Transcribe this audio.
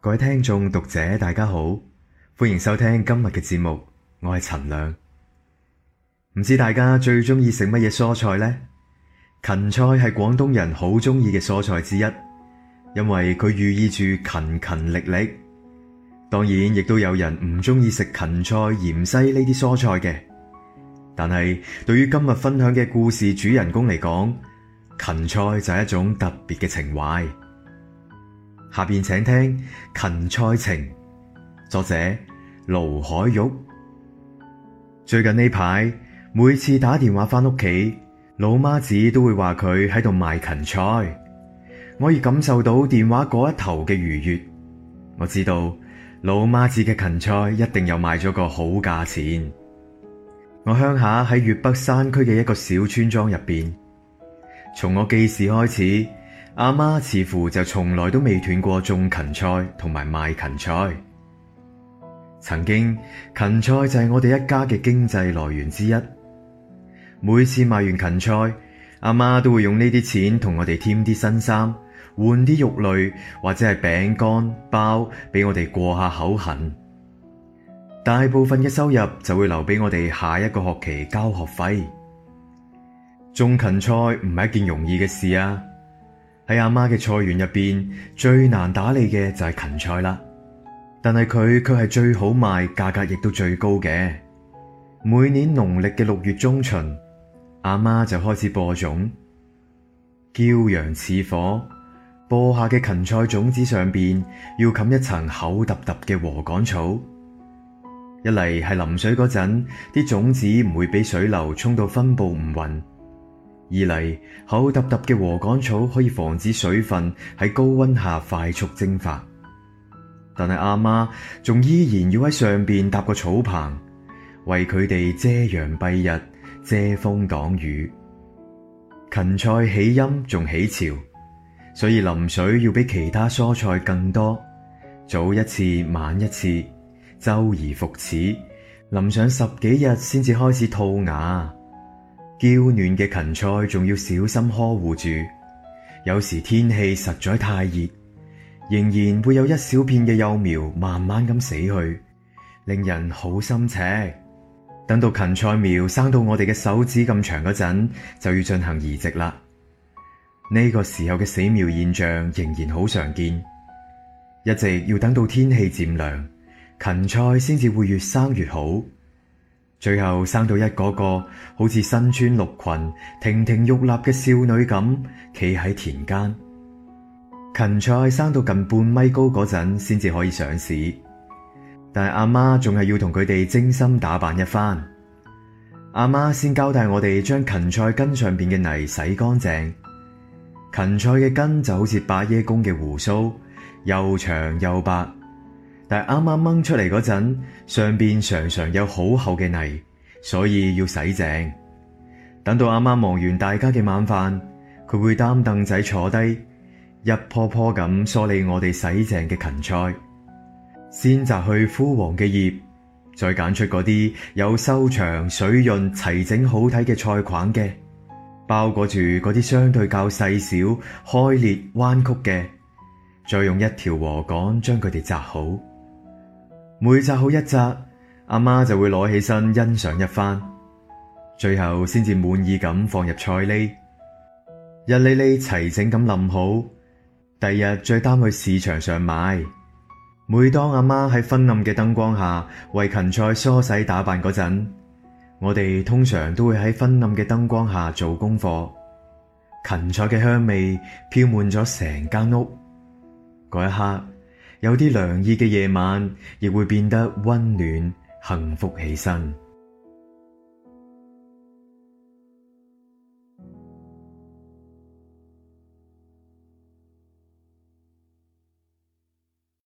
各位聽眾讀者大家好，歡迎收聽今日嘅節目，我係陳亮。唔知大家最中意食乜嘢蔬菜呢？芹菜係廣東人好中意嘅蔬菜之一，因為佢寓意住勤勤力力。當然，亦都有人唔中意食芹菜，芫茜呢啲蔬菜嘅。但係對於今日分享嘅故事主人公嚟講，芹菜就係一種特別嘅情懷。下面請聽芹菜情，作者盧海玉。最近呢排每次打電話返屋企，老媽子都會話佢喺度賣芹菜，我已感受到電話嗰一頭嘅愉悅。我知道老媽子嘅芹菜一定又賣咗個好價錢。我鄉下喺粵北山區嘅一個小村莊入面，從我記事開始。阿媽似乎就從來都未斷過種芹菜同埋賣芹菜。曾經，芹菜就係我哋一家嘅經濟來源之一。每次賣完芹菜，阿媽都會用呢啲錢同我哋添啲新衫，換啲肉類或者係餅乾包俾我哋過下口痕。大部分嘅收入就會留俾我哋下一個學期交學費。種芹菜唔係一件容易嘅事啊！喺阿媽嘅菜園入邊，最難打理嘅就係芹菜啦。但係佢佢係最好賣，價格亦都最高嘅。每年農曆嘅六月中旬，阿媽就開始播種。驕陽似火，播下嘅芹菜種子上邊要冚一層厚揼揼嘅禾稈草，一嚟，係淋水嗰陣，啲種子唔會俾水流沖到分布唔勻。二嚟，口沓沓嘅禾稈草可以防止水分喺高溫下快速蒸發，但係阿媽仲依然要喺上邊搭個草棚，為佢哋遮陽蔽日、遮風擋雨。芹菜起陰仲起潮，所以淋水要比其他蔬菜更多，早一次、晚一次，周而復始，淋上十幾日先至開始吐芽。嬌嫩嘅芹菜仲要小心呵護住，有時天氣實在太熱，仍然會有一小片嘅幼苗慢慢咁死去，令人好心赤。等到芹菜苗生到我哋嘅手指咁長嗰陣，就要進行移植啦。呢個時候嘅死苗現象仍然好常見，一直要等到天氣漸涼，芹菜先至會越生越好。最後生到一個個好似身穿綠裙、亭亭玉立嘅少女咁，企喺田間。芹菜生到近半米高嗰陣，先至可以上市，但係阿媽仲係要同佢哋精心打扮一番。阿媽先交代我哋將芹菜根上邊嘅泥洗乾淨。芹菜嘅根就好似白爺公嘅鬍鬚，又長又白。但係啱啱掹出嚟嗰陣，上邊常常有好厚嘅泥，所以要洗淨。等到啱啱忙完大家嘅晚飯，佢會擔凳仔坐低，一棵棵咁梳理我哋洗淨嘅芹菜，先摘去枯黃嘅葉，再揀出嗰啲有收長、水潤、齊整、好睇嘅菜菌嘅，包裹住嗰啲相對較細小、開裂、彎曲嘅，再用一條禾稈將佢哋摘好。每摘好一扎，阿媽就會攞起身欣賞一番，最後先至滿意咁放入菜呢，日哩哩齊整咁冧好，第日再擔去市場上買。每當阿媽喺昏暗嘅燈光下為芹菜梳洗打扮嗰陣，我哋通常都會喺昏暗嘅燈光下做功課。芹菜嘅香味飄滿咗成間屋，嗰一刻，有啲涼意嘅夜晚，亦會變得溫暖幸福起身。